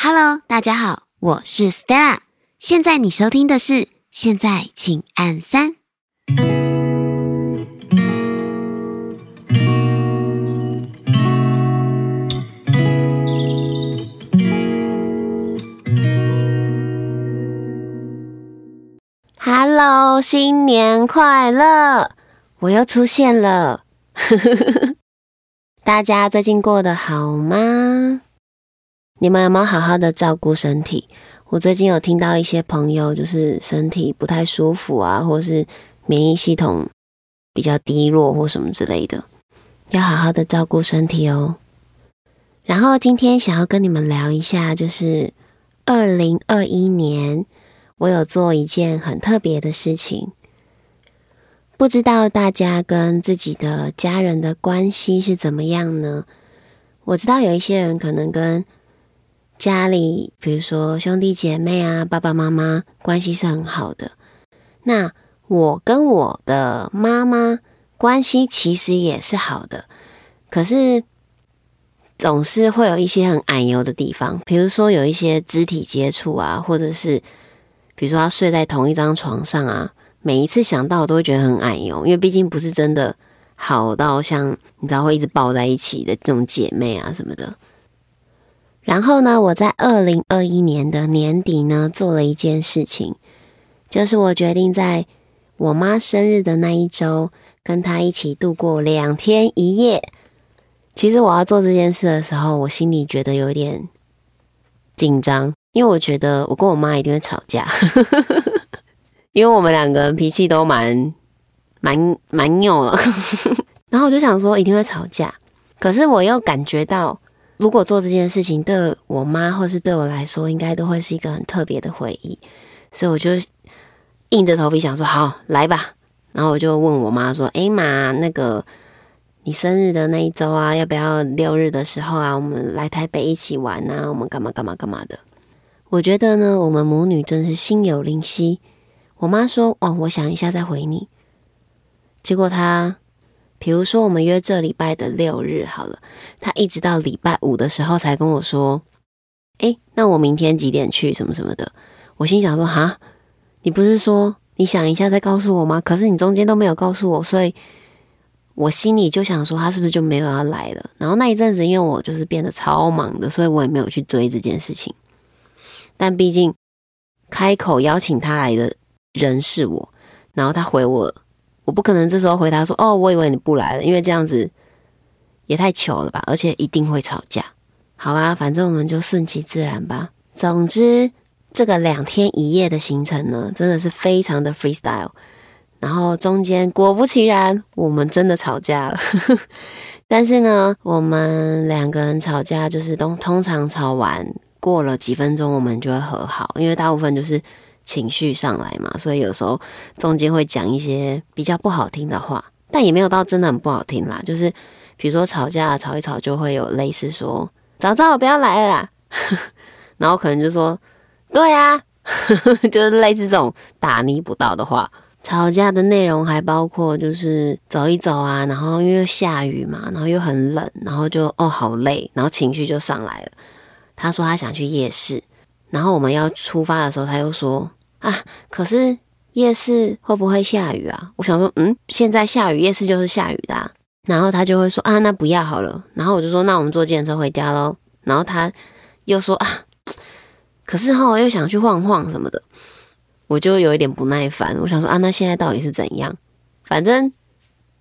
哈嘍，大家好，我是 Stella。現在你收聽的是現在請按三。Hello，新年快樂！我又出現了， 大家最近過得好嗎？你們有沒有好好的照顧身體？我最近有聽到一些朋友就是身體不太舒服啊，或是免疫系統比較低落或什麼之類的，要好好的照顧身體哦。然後今天想要跟你們聊一下，就是二零二一年我有做一件很特別的事情。不知道大家跟自己的家人的關係是怎麼樣呢？我知道有一些人可能跟家裡，比如說兄弟姐妹啊，爸爸媽媽關係是很好的。那我跟我的媽媽關係其實也是好的，可是總是會有一些很矮油的地方，比如說有一些肢體接觸啊，或者是比如說他睡在同一張床上啊，每一次想到我都會覺得很矮油，因為畢竟不是真的好到像你知道會一直抱在一起的這種姐妹啊什麼的。然後呢，我在二零二一年的年底呢，做了一件事情，就是我決定在我媽生日的那一周，跟她一起度過兩天一夜。其實我要做這件事的時候，我心裡覺得有點緊張，因為我覺得我跟我媽一定會吵架， 因為我們兩個人脾氣都蠻蠻蠻拗了。 然後我就想說一定會吵架，可是我又感覺到。如果做這件事情，對我媽或是對我來說，應該都會是一個很特別的回憶，所以我就硬着頭皮想說：“好，來吧。”然後我就問我媽說：“哎，媽，那個你生日的那一周啊，要不要六日的時候啊，我們來台北一起玩啊？我們幹嘛幹嘛幹嘛的？”我覺得呢，我們母女真是心有靈犀。我媽說：“哦，我想一下再回你。”結果她。比如說，我們約這禮拜的六日好了。他一直到禮拜五的時候才跟我說：“誒、欸，那我明天幾點去？什麼什麼的。”我心想說：“哈，你不是說你想一下再告訴我嗎？可是你中間都沒有告訴我，所以我心裡就想說，他是不是就沒有要來了？”然後那一陣子，因為我就是變得超忙的，所以我也沒有去追這件事情。但畢竟開口邀請他來的人是我，然後他回我。我不可能這時候回答說：“哦，我以為你不來了，因為這樣子也太糗了吧，而且一定會吵架。”好啊，反正我們就順其自然吧。總之，這個兩天一夜的行程呢，真的是非常的 freestyle。然後中間果不其然，我們真的吵架了。 但是呢，我們兩個人吵架就是都通常吵完過了幾分鐘，我們就會和好，因為大部分就是。情緒上來嘛，所以有時候中間會講一些比較不好聽的話，但也沒有到真的很不好聽啦。就是比如說吵架吵一吵，就會有類似說“早早我不要來了”，啦。 然後可能就說“對啊”， 就是類似這種大逆不道的話。吵架的內容還包括就是走一走啊，然後因為又下雨嘛，然後又很冷，然後就哦好累，然後情緒就上來了。他說他想去夜市，然後我們要出發的時候，他又說。啊！可是夜市會不會下雨啊？我想說，嗯，現在下雨，夜市就是下雨的、啊。然後他就會說，啊，那不要好了。然後我就說，那我們坐電車回家嘍。然後他又說，啊，可是後來又想去晃晃什麼的。我就有一點不耐煩，我想說，啊，那現在到底是怎樣？反正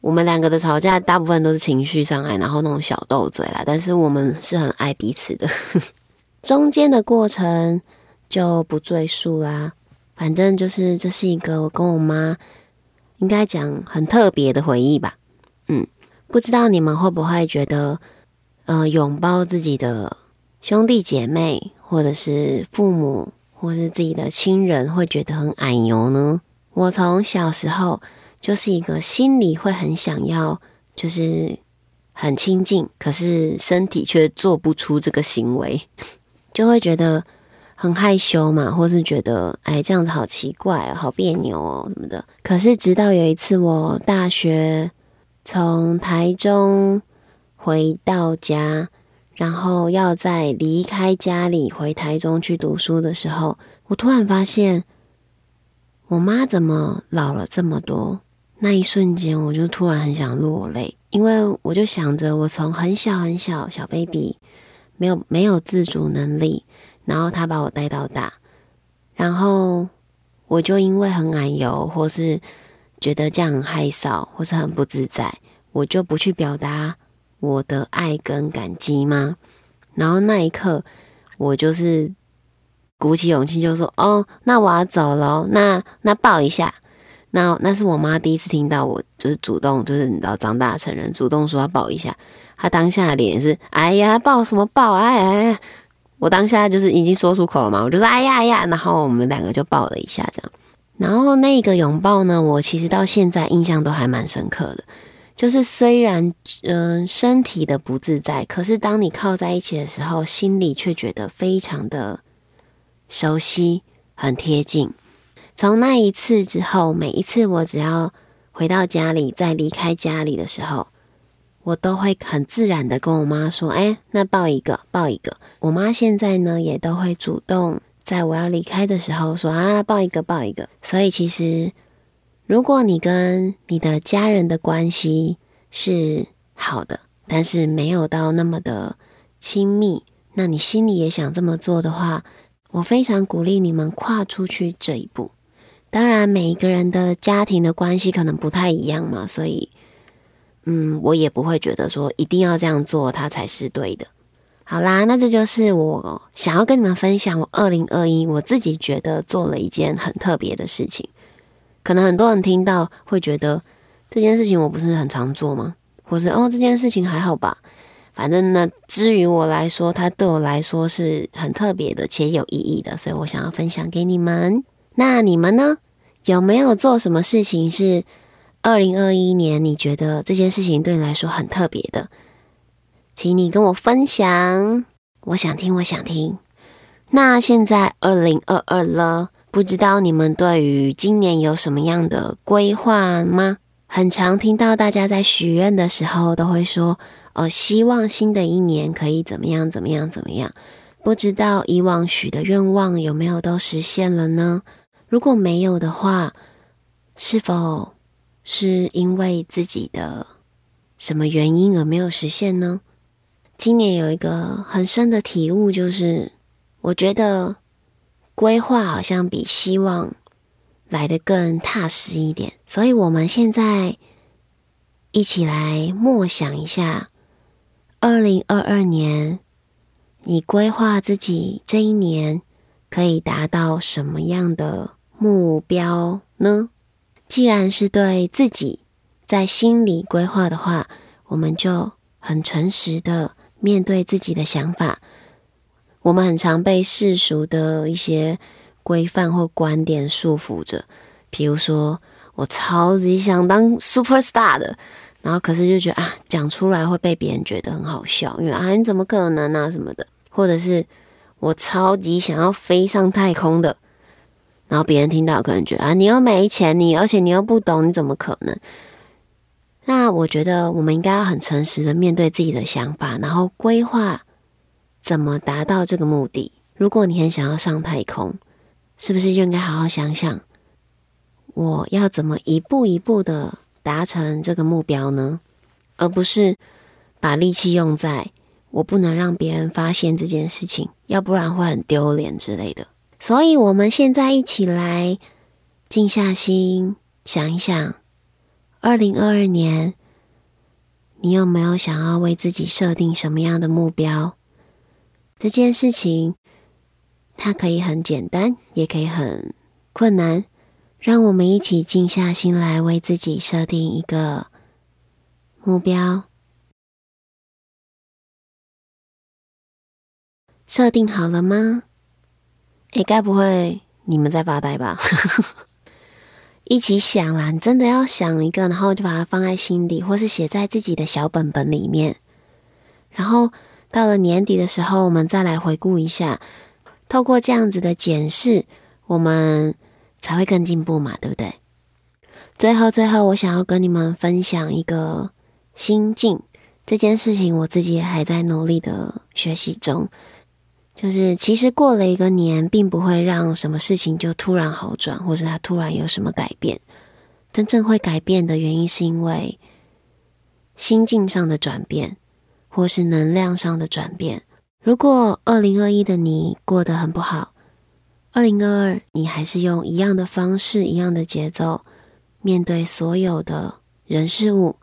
我們兩個的吵架大部分都是情緒障礙，然後那種小鬥嘴啦。但是我們是很愛彼此的， 中間的過程就不贅述啦、啊。反正就是這是一個我跟我媽應該講很特別的回憶吧。嗯，不知道你們會不會覺得，呃，擁抱自己的兄弟姐妹，或者是父母，或是自己的親人，會覺得很矮油呢？我從小時候就是一個心裡會很想要，就是很親近，可是身體卻做不出這個行為，就會覺得。很害羞嘛，或是覺得哎，這樣子好奇怪哦，好別扭哦什麼的。可是直到有一次，我大學從台中回到家，然後要再離開家裡回台中去讀書的時候，我突然發現我媽怎麼老了這麼多。那一瞬間，我就突然很想落淚，因為我就想着我從很小很小小 baby，沒有沒有自主能力。然後他把我帶到大，然後我就因為很矮油，或是覺得這樣很害臊，或是很不自在，我就不去表達我的愛跟感激嗎？然後那一刻，我就是鼓起勇氣就說：“哦，那我要走了，那那抱一下。那”那那是我媽第一次聽到我就是主動，就是你知道，長大成人主動說要抱一下，她當下的臉是：“哎呀，抱什麼抱？”哎哎哎。我當下就是已經說出口了嘛，我就說哎呀哎呀，然後我們兩個就抱了一下這樣。然後那個擁抱呢，我其實到現在印象都還蠻深刻的，就是雖然嗯、呃、身體的不自在，可是當你靠在一起的時候，心裡卻覺得非常的熟悉，很貼近。從那一次之後，每一次我只要回到家裡，在離開家裡的時候，我都會很自然的跟我媽說：“哎，那抱一個，抱一個。”我媽現在呢，也都會主動在我要離開的時候說：“啊，抱一個，抱一個。”所以，其實如果你跟你的家人的關係是好的，但是沒有到那麼的親密，那你心裡也想這麼做的話，我非常鼓勵你們跨出去這一步。當然，每一個人的家庭的關係可能不太一樣嘛，所以。嗯，我也不會覺得說一定要這樣做，它才是對的。好啦，那這就是我想要跟你們分享，我2021我自己覺得做了一件很特別的事情。可能很多人聽到會覺得這件事情我不是很常做嗎？或是哦這件事情還好吧？反正呢，至於我來說，它對我來說是很特別的且有意義的，所以我想要分享給你們。那你們呢？有沒有做什麼事情是？二零二一年，你覺得這件事情對你來說很特別的，請你跟我分享，我想聽，我想聽。那現在二零二二了，不知道你們對於今年有什麼樣的規劃嗎？很常聽到大家在許願的時候都會說：“呃、哦、希望新的一年可以怎麼樣，怎麼樣，怎麼樣。”不知道以往許的願望有沒有都實現了呢？如果沒有的話，是否？是因為自己的什麼原因而沒有實現呢？今年有一個很深的體悟，就是我覺得規劃好像比希望來得更踏實一點。所以，我們現在一起來默想一下，二零二二年你規劃自己這一年可以達到什麼樣的目標呢？既然是對自己在心裡規劃的話，我們就很誠實的面對自己的想法。我們很常被世俗的一些規範或觀點束縛着，比如說，我超級想當 superstar 的，然後可是就覺得啊，講出來會被別人覺得很好笑，因為啊你怎麼可能啊什麼的，或者是我超級想要飛上太空的。然後別人聽到可能覺得啊，你又沒錢，你而且你又不懂，你怎麼可能？那我覺得我們應該要很誠實的面對自己的想法，然後規劃怎麼達到這個目的。如果你很想要上太空，是不是就應該好好想想，我要怎麼一步一步的達成這個目標呢？而不是把力氣用在我不能讓別人發現這件事情，要不然會很丟臉之類的。所以，我們現在一起來靜下心想一想，2022年，你有沒有想要為自己設定什麼樣的目標？這件事情，它可以很簡單，也可以很困難。讓我們一起靜下心來，為自己設定一個目標。設定好了嗎？誒、欸、該不會你們在發呆吧？ 一起想啦，你真的要想一個，然後就把它放在心底，或是寫在自己的小本本裡面。然後到了年底的時候，我們再來回顧一下。透過這樣子的檢視，我們才會更進步嘛，對不對？最後，最後，我想要跟你們分享一個心境，這件事情，我自己也還在努力的學習中。就是其實過了一個年，並不會讓什麼事情就突然好轉，或是它突然有什麼改變。真正會改變的原因，是因為心境上的轉變，或是能量上的轉變。如果二零二一的你過得很不好，二零二二你還是用一樣的方式、一樣的節奏面對所有的人事物，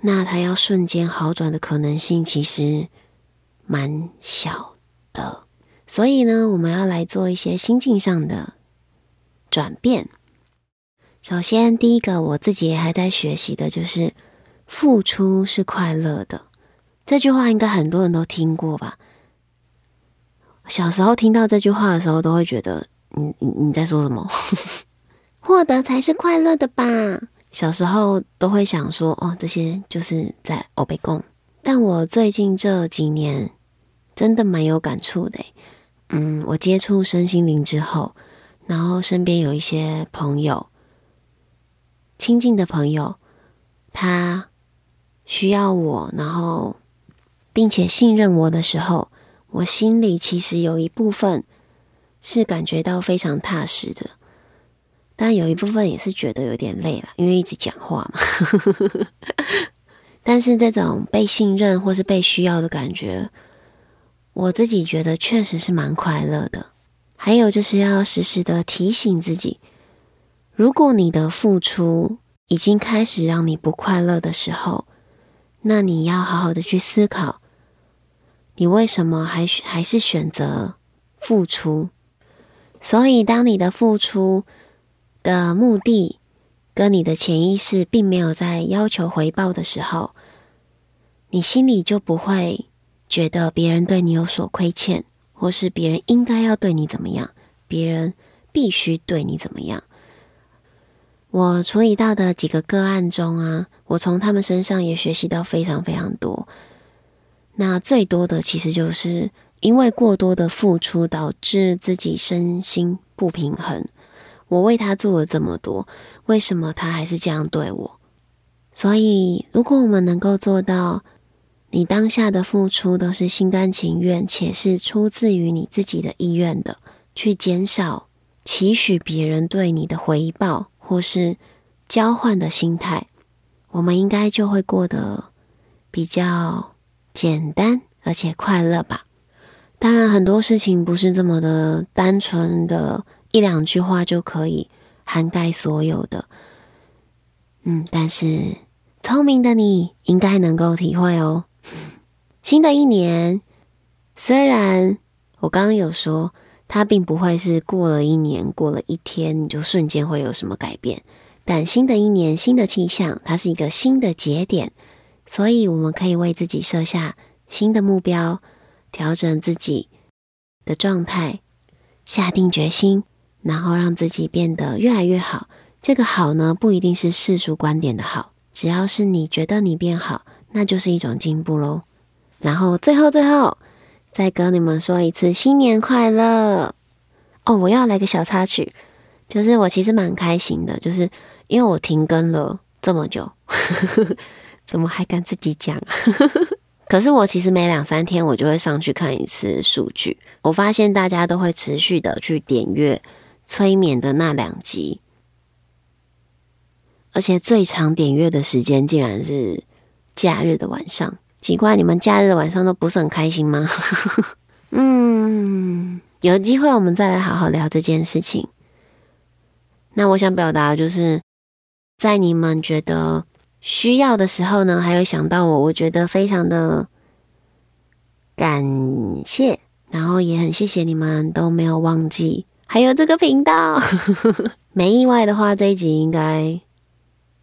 那它要瞬間好轉的可能性，其實蠻小。的，所以呢，我們要來做一些心境上的轉變。首先，第一個我自己還在學習的，就是“付出是快樂的”這句話，應該很多人都聽過吧？小時候聽到這句話的時候，都會覺得你你你在說什麼？ 獲得才是快樂的吧？小時候都會想說哦，這些就是在歐北貢。但我最近這幾年。真的蠻有感觸的，嗯，我接觸身心靈之後，然後身邊有一些朋友，親近的朋友，他需要我，然後並且信任我的時候，我心裡其實有一部分是感覺到非常踏實的，但有一部分也是覺得有點累了，因為一直講話嘛。 但是這種被信任或是被需要的感覺。我自己覺得確實是蠻快樂的。還有就是要時時的提醒自己，如果你的付出已經開始讓你不快樂的時候，那你要好好的去思考，你為什麼還還是選擇付出？所以當你的付出的目的跟你的潛意識並沒有在要求回報的時候，你心裡就不會。覺得別人對你有所虧欠，或是別人應該要對你怎麼樣，別人必須對你怎麼樣。我處理到的幾個個案中啊，我從他們身上也學習到非常非常多。那最多的其實就是因為過多的付出導致自己身心不平衡。我為他做了這麼多，為什麼他還是這樣對我？所以，如果我們能夠做到。你當下的付出都是心甘情願，且是出自於你自己的意願的，去減少期許別人對你的回報或是交換的心態，我們應該就會過得比較簡單而且快樂吧。當然很多事情不是這麼的單純的，一兩句話就可以涵蓋所有的，嗯，但是聰明的你應該能夠體會哦。新的一年，雖然我剛剛有說，它並不會是過了一年、過了一天你就瞬間會有什麼改變，但新的一年、新的氣象，它是一個新的節點，所以我們可以為自己設下新的目標，調整自己的狀態，下定決心，然後讓自己變得越來越好。這個好呢，不一定是世俗觀點的好，只要是你覺得你變好，那就是一種進步嘍。然後最後最後再跟你們說一次新年快樂哦！我要來個小插曲，就是我其實蠻開心的，就是因為我停更了這麼久， 怎麼還敢自己講？ 可是我其實每兩三天我就會上去看一次數據，我發現大家都會持續的去點閱催眠的那兩集，而且最常點閱的時間竟然是假日的晚上。奇怪，你們假日的晚上都不是很開心嗎？ 嗯，有機會我們再來好好聊這件事情。那我想表達就是，在你們覺得需要的時候呢，還有想到我，我覺得非常的感謝，然後也很謝謝你們都沒有忘記，還有這個頻道。 沒意外的話，這一集應該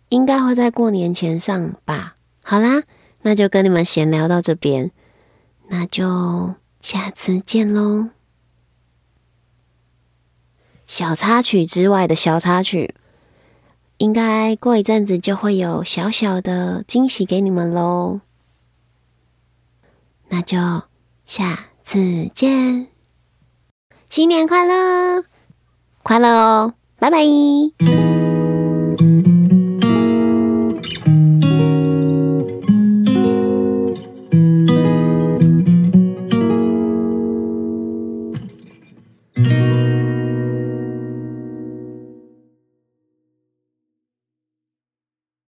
應該會在過年前上吧。好啦。那就跟你們閒聊到這邊，那就下次見嘍。小插曲之外的小插曲，應該過一陣子就會有小小的驚喜給你們嘍。那就下次見，新年快樂，快樂哦，拜拜。嗯